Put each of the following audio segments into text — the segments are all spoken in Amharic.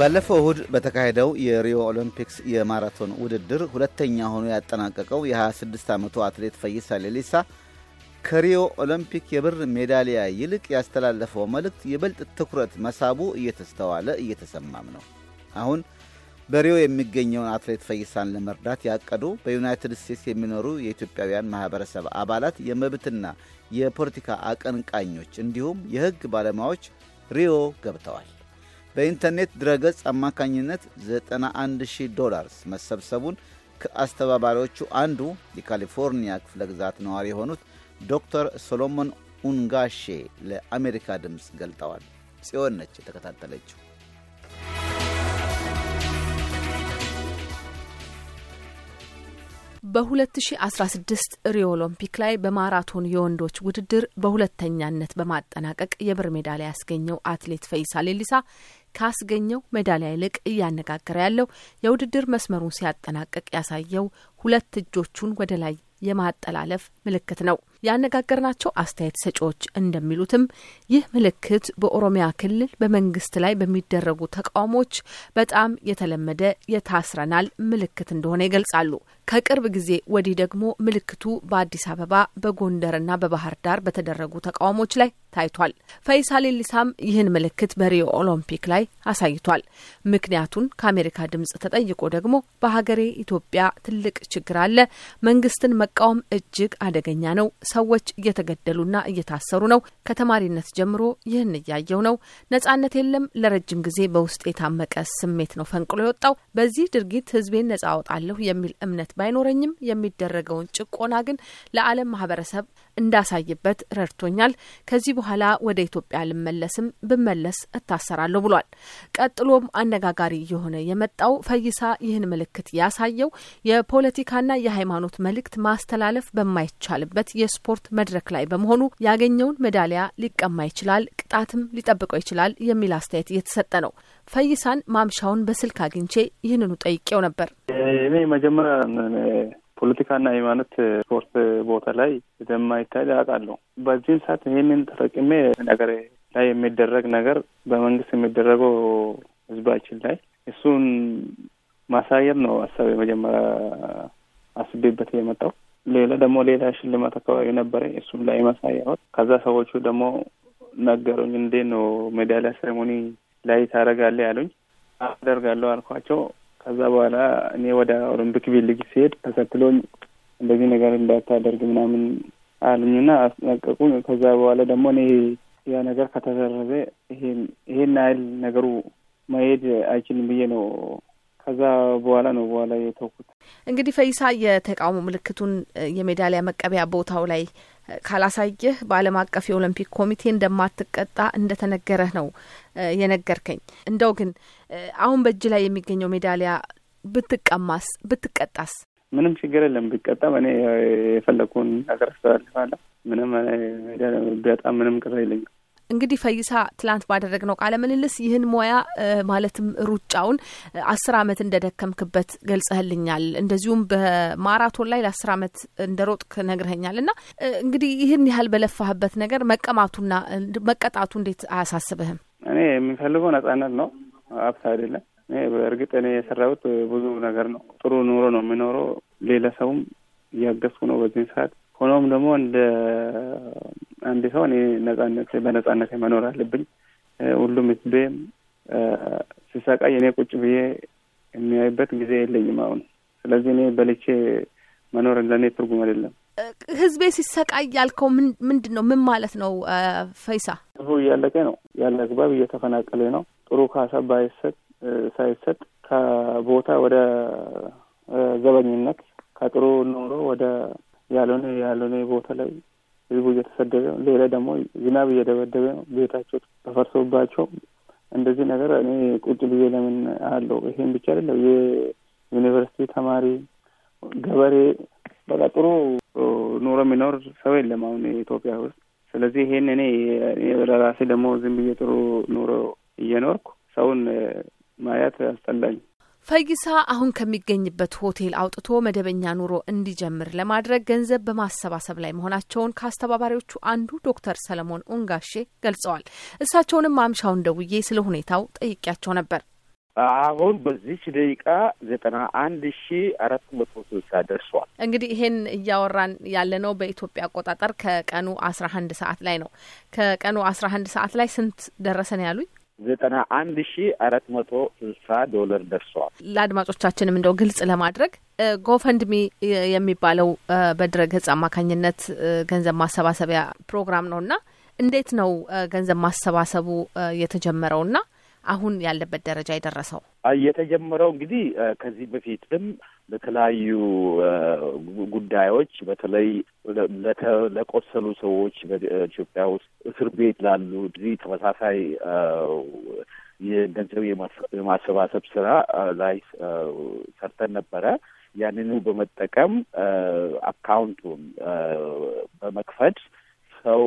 ባለፈው እሁድ በተካሄደው የሪዮ ኦሎምፒክስ የማራቶን ውድድር ሁለተኛ ሆኖ ያጠናቀቀው የ26 ዓመቱ አትሌት ፈይሳ ሌሊሳ ከሪዮ ኦሎምፒክ የብር ሜዳሊያ ይልቅ ያስተላለፈው መልእክት ይበልጥ ትኩረት መሳቡ እየተስተዋለ እየተሰማም ነው። አሁን በሪዮ የሚገኘውን አትሌት ፈይሳን ለመርዳት ያቀዱ በዩናይትድ ስቴትስ የሚኖሩ የኢትዮጵያውያን ማኅበረሰብ አባላት፣ የመብትና የፖለቲካ አቀንቃኞች እንዲሁም የሕግ ባለሙያዎች ሪዮ ገብተዋል። በኢንተርኔት ድረገጽ አማካኝነት 91000 ዶላርስ መሰብሰቡን ከአስተባባሪዎቹ አንዱ የካሊፎርኒያ ክፍለ ግዛት ነዋሪ የሆኑት ዶክተር ሶሎሞን ኡንጋሼ ለአሜሪካ ድምፅ ገልጠዋል። ጽዮን ነች የተከታተለችው። በ2016 ሪዮ ኦሎምፒክ ላይ በማራቶን የወንዶች ውድድር በሁለተኛነት በማጠናቀቅ የብር ሜዳሊያ ያስገኘው አትሌት ፈይሳ ሌሊሳ ካስገኘው ሜዳሊያ ይልቅ እያነጋገረ ያለው የውድድር መስመሩን ሲያጠናቀቅ ያሳየው ሁለት እጆቹን ወደ ላይ የማጠላለፍ ምልክት ነው። ያነጋገርናቸው አስተያየት ሰጪዎች እንደሚሉትም ይህ ምልክት በኦሮሚያ ክልል በመንግስት ላይ በሚደረጉ ተቃውሞዎች በጣም የተለመደ የታስረናል ምልክት እንደሆነ ይገልጻሉ። ከቅርብ ጊዜ ወዲህ ደግሞ ምልክቱ በአዲስ አበባ በጎንደርና በባህር ዳር በተደረጉ ተቃውሞች ላይ ታይቷል። ፈይሳ ሊሳም ይህን ምልክት በሪዮ ኦሎምፒክ ላይ አሳይቷል። ምክንያቱን ከአሜሪካ ድምጽ ተጠይቆ ደግሞ በሀገሬ ኢትዮጵያ ትልቅ ችግር አለ፣ መንግስትን መቃወም እጅግ አደገኛ ነው፣ ሰዎች እየተገደሉና እየታሰሩ ነው፣ ከተማሪነት ጀምሮ ይህን እያየው ነው፣ ነጻነት የለም፣ ለረጅም ጊዜ በውስጥ የታመቀ ስሜት ነው ፈንቅሎ የወጣው። በዚህ ድርጊት ህዝቤን ነጻ አወጣለሁ የሚል እምነት ባይኖረኝም የሚደረገውን ጭቆና ግን ለዓለም ማህበረሰብ እንዳሳይበት ረድቶኛል። ከዚህ በኋላ ወደ ኢትዮጵያ ልመለስም፣ ብመለስ እታሰራለሁ ብሏል። ቀጥሎም አነጋጋሪ የሆነ የመጣው ፈይሳ ይህን ምልክት ያሳየው የፖለቲካና የሃይማኖት መልእክት ማስተላለፍ በማይቻልበት የስፖርት መድረክ ላይ በመሆኑ ያገኘውን ሜዳሊያ ሊቀማ ይችላል፣ ቅጣትም ሊጠብቀው ይችላል የሚል አስተያየት እየተሰጠ ነው። ፈይሳን ማምሻውን በስልክ አግኝቼ ይህንኑ ጠይቄው ነበር። እኔ መጀመሪያ ፖለቲካና ሃይማኖት ስፖርት ቦታ ላይ እንደማይታይ አውቃለሁ። በዚህን ሰዓት ይህንን ተጠቅሜ ነገር ላይ የሚደረግ ነገር በመንግስት የሚደረገው ህዝባችን ላይ እሱን ማሳየር ነው ሀሳብ የመጀመሪያ አስቤበት የመጣው። ሌላ ደግሞ ሌላ ሽልማት አካባቢ ነበረ፣ እሱም ላይ ማሳየሮት። ከዛ ሰዎቹ ደግሞ ነገሩኝ፣ እንዴ ነው ሜዳሊያ ሴሬሞኒ ላይ ታደርጋለህ ያሉኝ። አደርጋለሁ አልኳቸው። ከዛ በኋላ እኔ ወደ ኦሎምፒክ ልጅ ሲሄድ ተከትሎኝ እንደዚህ ነገር እንዳታደርግ ምናምን አሉኝና አስጠነቀቁኝ። ከዛ በኋላ ደግሞ እኔ ያ ነገር ከተደረገ ይሄን ያህል ነገሩ መሄድ አይችልም ብዬ ነው ከዛ በኋላ ነው በኋላ የተውኩት። እንግዲህ ፈይሳ የተቃውሞ ምልክቱን የሜዳሊያ መቀበያ ቦታው ላይ ካላሳየህ በአለም አቀፍ የኦሎምፒክ ኮሚቴ እንደማትቀጣ እንደተነገረህ ነው የነገርከኝ። እንደው ግን አሁን በእጅ ላይ የሚገኘው ሜዳሊያ ብትቀማስ ብትቀጣስ? ምንም ችግር የለም ቢቀጣም እኔ የፈለግኩን ነገር አስተላልፋለሁ። ምንም ቢያጣ ምንም ቅር የለኝም። እንግዲህ ፈይሳ ትላንት ባደረግነው ቃለ ምልልስ ይህን ሙያ ማለትም ሩጫውን አስር ዓመት እንደደከምክበት ገልጸህልኛል። እንደዚሁም በማራቶን ላይ ለአስር ዓመት እንደሮጥክ ነግረኛል። እና እንግዲህ ይህን ያህል በለፋህበት ነገር መቀማቱና መቀጣቱ እንዴት አያሳስብህም? እኔ የሚፈልገው ነጻነት ነው፣ ሀብት አይደለም። በእርግጥ እኔ የሰራሁት ብዙ ነገር ነው። ጥሩ ኑሮ ነው የሚኖረው። ሌላ ሰውም እያገዝኩ ነው በዚህን ሰዓት። ሆኖም ደግሞ እንደ አንድ ሰው እኔ ነጻነት በነጻነት መኖር አለብኝ፣ ሁሉም ህዝቤም ሲሰቃይ እኔ ቁጭ ብዬ የሚያይበት ጊዜ የለኝም አሁን። ስለዚህ እኔ በልቼ መኖር ለእኔ ትርጉም አይደለም። ህዝቤ ሲሰቃይ ያልከው ምንድን ነው? ምን ማለት ነው ፈይሳ? ህዝቡ እያለቀ ነው፣ ያለ አግባብ እየተፈናቀለ ነው። ጥሩ ካሳ ባይሰጥ ሳይሰጥ ከቦታ ወደ ዘበኝነት ከጥሩ ኑሮ ወደ ያልሆነ ያልሆነ ቦታ ላይ ህዝቡ እየተሰደበ ነው። ሌላ ደግሞ ዝናብ እየደበደበ ነው። ቤታቸው ተፈርሶባቸው እንደዚህ ነገር እኔ ቁጭ ብዬ ለምን አለው። ይሄን ብቻ አይደለም የዩኒቨርሲቲ ተማሪ፣ ገበሬ በቃ ጥሩ ኑሮ የሚኖር ሰው የለም አሁን ኢትዮጵያ ውስጥ። ስለዚህ ይሄን እኔ ለራሴ ደግሞ ዝም ብዬ ጥሩ ኑሮ እየኖርኩ ሰውን ማየት አስጠላኝ። ፈይሳ አሁን ከሚገኝበት ሆቴል አውጥቶ መደበኛ ኑሮ እንዲጀምር ለማድረግ ገንዘብ በማሰባሰብ ላይ መሆናቸውን ከአስተባባሪዎቹ አንዱ ዶክተር ሰለሞን ኡንጋሼ ገልጸዋል። እሳቸውንም ማምሻውን ደውዬ ስለ ሁኔታው ጠይቄያቸው ነበር። አሁን በዚች ደቂቃ ዘጠና አንድ ሺ አራት መቶ ስልሳ ደርሷል። እንግዲህ ይሄን እያወራን ያለ ነው በኢትዮጵያ አቆጣጠር ከቀኑ አስራ አንድ ሰዓት ላይ ነው። ከቀኑ አስራ አንድ ሰዓት ላይ ስንት ደረሰን ያሉኝ? ዘጠና አንድ ሺ አራት መቶ ስልሳ ዶላር ደርሰዋል። ለአድማጮቻችንም እንደው ግልጽ ለማድረግ ጎፈንድሚ የሚባለው በድረገጽ አማካኝነት ገንዘብ ማሰባሰቢያ ፕሮግራም ነው እና እንዴት ነው ገንዘብ ማሰባሰቡ የተጀመረው እና አሁን ያለበት ደረጃ የደረሰው? የተጀመረው እንግዲህ ከዚህ በፊትም በተለያዩ ጉዳዮች በተለይ ለቆሰሉ ሰዎች በኢትዮጵያ ውስጥ እስር ቤት ላሉ እዚህ ተመሳሳይ የገንዘብ የማሰባሰብ ስራ ላይ ሰርተን ነበረ። ያንኑ በመጠቀም አካውንቱን በመክፈት ሰው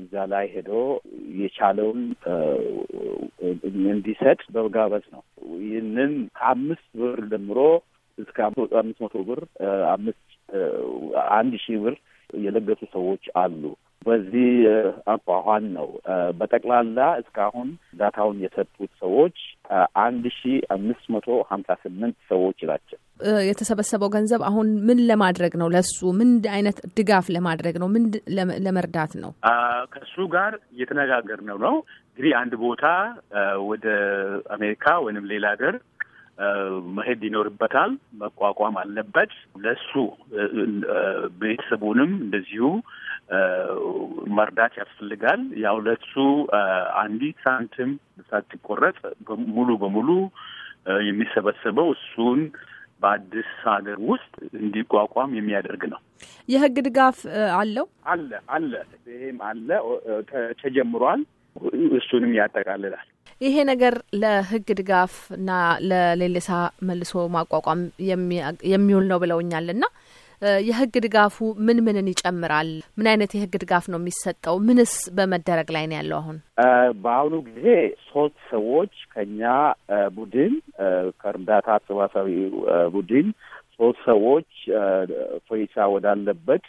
እዛ ላይ ሄዶ የቻለውን እንዲሰጥ በጋበዝ ነው። ይህንን ከአምስት ብር ጀምሮ እስከ አምስት መቶ ብር አምስት አንድ ሺህ ብር የለገሱ ሰዎች አሉ። በዚህ አኳኋን ነው በጠቅላላ እስካሁን ዳታውን የሰጡት ሰዎች አንድ ሺ አምስት መቶ ሀምሳ ስምንት ሰዎች ናቸው። የተሰበሰበው ገንዘብ አሁን ምን ለማድረግ ነው? ለሱ ምን አይነት ድጋፍ ለማድረግ ነው? ምን ለመርዳት ነው? ከሱ ጋር እየተነጋገር ነው ነው እንግዲህ አንድ ቦታ ወደ አሜሪካ ወይንም ሌላ ሀገር መሄድ ይኖርበታል፣ መቋቋም አለበት። ለሱ ቤተሰቡንም እንደዚሁ መርዳት ያስፈልጋል። ያው ለሱ አንዲት ሳንቲም ሳትቆረጥ ሙሉ በሙሉ የሚሰበሰበው እሱን በአዲስ ሀገር ውስጥ እንዲቋቋም የሚያደርግ ነው። የህግ ድጋፍ አለው አለ አለ ይሄም አለ ተጀምሯል። እሱንም ያጠቃልላል። ይሄ ነገር ለህግ ድጋፍ እና ለሌሌሳ መልሶ ማቋቋም የሚውል ነው ብለውኛል እና የህግ ድጋፉ ምን ምንን ይጨምራል? ምን አይነት የህግ ድጋፍ ነው የሚሰጠው? ምንስ በመደረግ ላይ ነው ያለው? አሁን በአሁኑ ጊዜ ሶስት ሰዎች ከኛ ቡድን ከእርዳታ አሰባሳቢ ቡድን ሶስት ሰዎች ፈይሳ ወዳለበት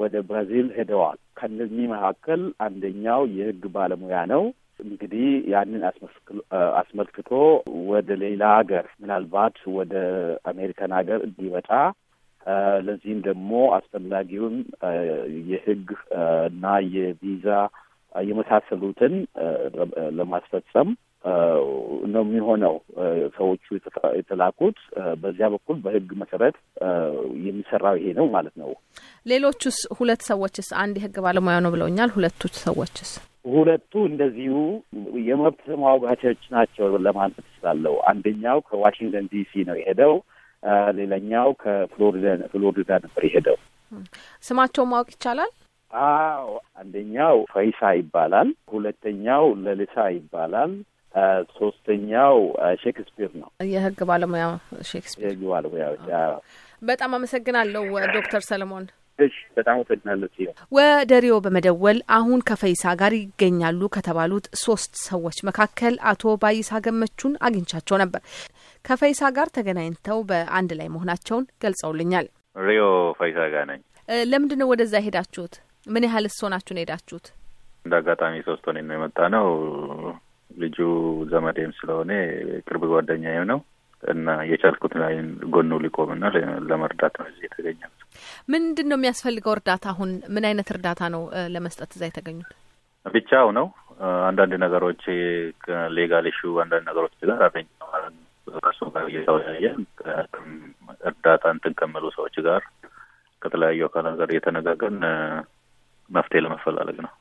ወደ ብራዚል ሄደዋል። ከነዚህ መካከል አንደኛው የህግ ባለሙያ ነው። እንግዲህ ያንን አስመልክቶ ወደ ሌላ ሀገር ምናልባት ወደ አሜሪካን ሀገር እንዲመጣ ለዚህም ደግሞ አስፈላጊውን የህግ እና የቪዛ የመሳሰሉትን ለማስፈጸም ነው የሚሆነው። ሰዎቹ የተላኩት በዚያ በኩል በህግ መሰረት የሚሰራው ይሄ ነው ማለት ነው። ሌሎቹስ ሁለት ሰዎችስ? አንድ የህግ ባለሙያ ነው ብለውኛል። ሁለቱ ሰዎችስ? ሁለቱ እንደዚሁ የመብት ተሟጋቾች ናቸው ለማለት እችላለሁ። አንደኛው ከዋሽንግተን ዲሲ ነው የሄደው። ሌላኛው ከፍሎሪዳ ነበር የሄደው። ስማቸው ማወቅ ይቻላል? አዎ አንደኛው ፈይሳ ይባላል። ሁለተኛው ለልሳ ይባላል። ሶስተኛው ሼክስፒር ነው። የህግ ባለሙያ ሼክስፒር የህግ በጣም አመሰግናለሁ ዶክተር ሰለሞን። እሺ በጣም ወደ ሪዮ በመደወል አሁን ከፈይሳ ጋር ይገኛሉ ከተባሉት ሶስት ሰዎች መካከል አቶ ባይሳ ገመቹን አግኝቻቸው ነበር። ከፈይሳ ጋር ተገናኝተው በአንድ ላይ መሆናቸውን ገልጸውልኛል። ሪዮ ፈይሳ ጋር ነኝ። ለምንድን ነው ወደዛ ሄዳችሁት? ምን ያህል እሶናችሁን ሄዳችሁት? እንደ አጋጣሚ ሶስት ሆኔ ነው የመጣ ነው ልጁ ዘመዴም ስለሆነ ቅርብ ጓደኛዬም ነው እና የቻልኩት ላይ ጎኑ ሊቆምና ለመርዳት ነው እዚህ የተገኘሁት። ምንድን ነው የሚያስፈልገው እርዳታ? አሁን ምን አይነት እርዳታ ነው ለመስጠት እዛ የተገኙት? ብቻው ነው አንዳንድ ነገሮች ሌጋል ሹ አንዳንድ ነገሮች ጋር አገኘ ከእሱ ጋር እየተወያየ እርዳታ እንትን ሰዎች ጋር ከተለያዩ አካላት ጋር እየተነጋገርን መፍትሄ ለመፈላለግ ነው።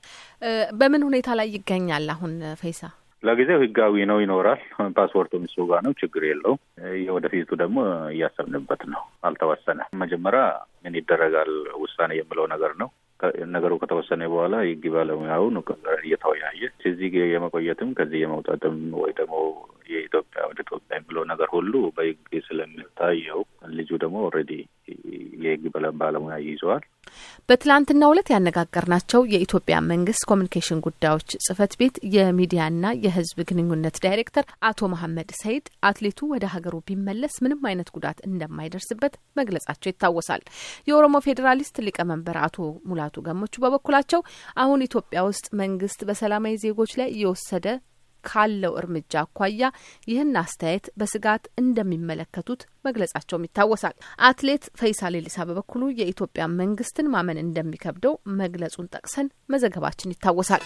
በምን ሁኔታ ላይ ይገኛል አሁን ፌሳ? ለጊዜው ህጋዊ ነው፣ ይኖራል። ፓስፖርቱ እሱ ጋ ነው፣ ችግር የለው። የወደፊቱ ደግሞ እያሰብንበት ነው፣ አልተወሰነ። መጀመሪያ ምን ይደረጋል ውሳኔ የምለው ነገር ነው። ነገሩ ከተወሰነ በኋላ ህግ ባለሙያውን እየተወያየ እዚህ የመቆየትም ከዚህ የመውጣትም ወይ ደግሞ የኢትዮጵያ ወደ ኢትዮጵያ የሚለው ነገር ሁሉ በህግ ስለሚታየው ልጁ ደግሞ ኦልሬዲ የህግ ባለሙያ ይዘዋል። በትላንትናው ዕለት ያነጋገርናቸው የኢትዮጵያ መንግስት ኮሚኒኬሽን ጉዳዮች ጽህፈት ቤት የሚዲያና የህዝብ ግንኙነት ዳይሬክተር አቶ መሐመድ ሰይድ አትሌቱ ወደ ሀገሩ ቢመለስ ምንም አይነት ጉዳት እንደማይደርስበት መግለጻቸው ይታወሳል። የኦሮሞ ፌዴራሊስት ሊቀመንበር አቶ ሙላቱ ገመቹ በበኩላቸው አሁን ኢትዮጵያ ውስጥ መንግስት በሰላማዊ ዜጎች ላይ የወሰደ ካለው እርምጃ አኳያ ይህን አስተያየት በስጋት እንደሚመለከቱት መግለጻቸውም ይታወሳል። አትሌት ፈይሳ ሌሊሳ በበኩሉ የኢትዮጵያ መንግስትን ማመን እንደሚከብደው መግለጹን ጠቅሰን መዘገባችን ይታወሳል።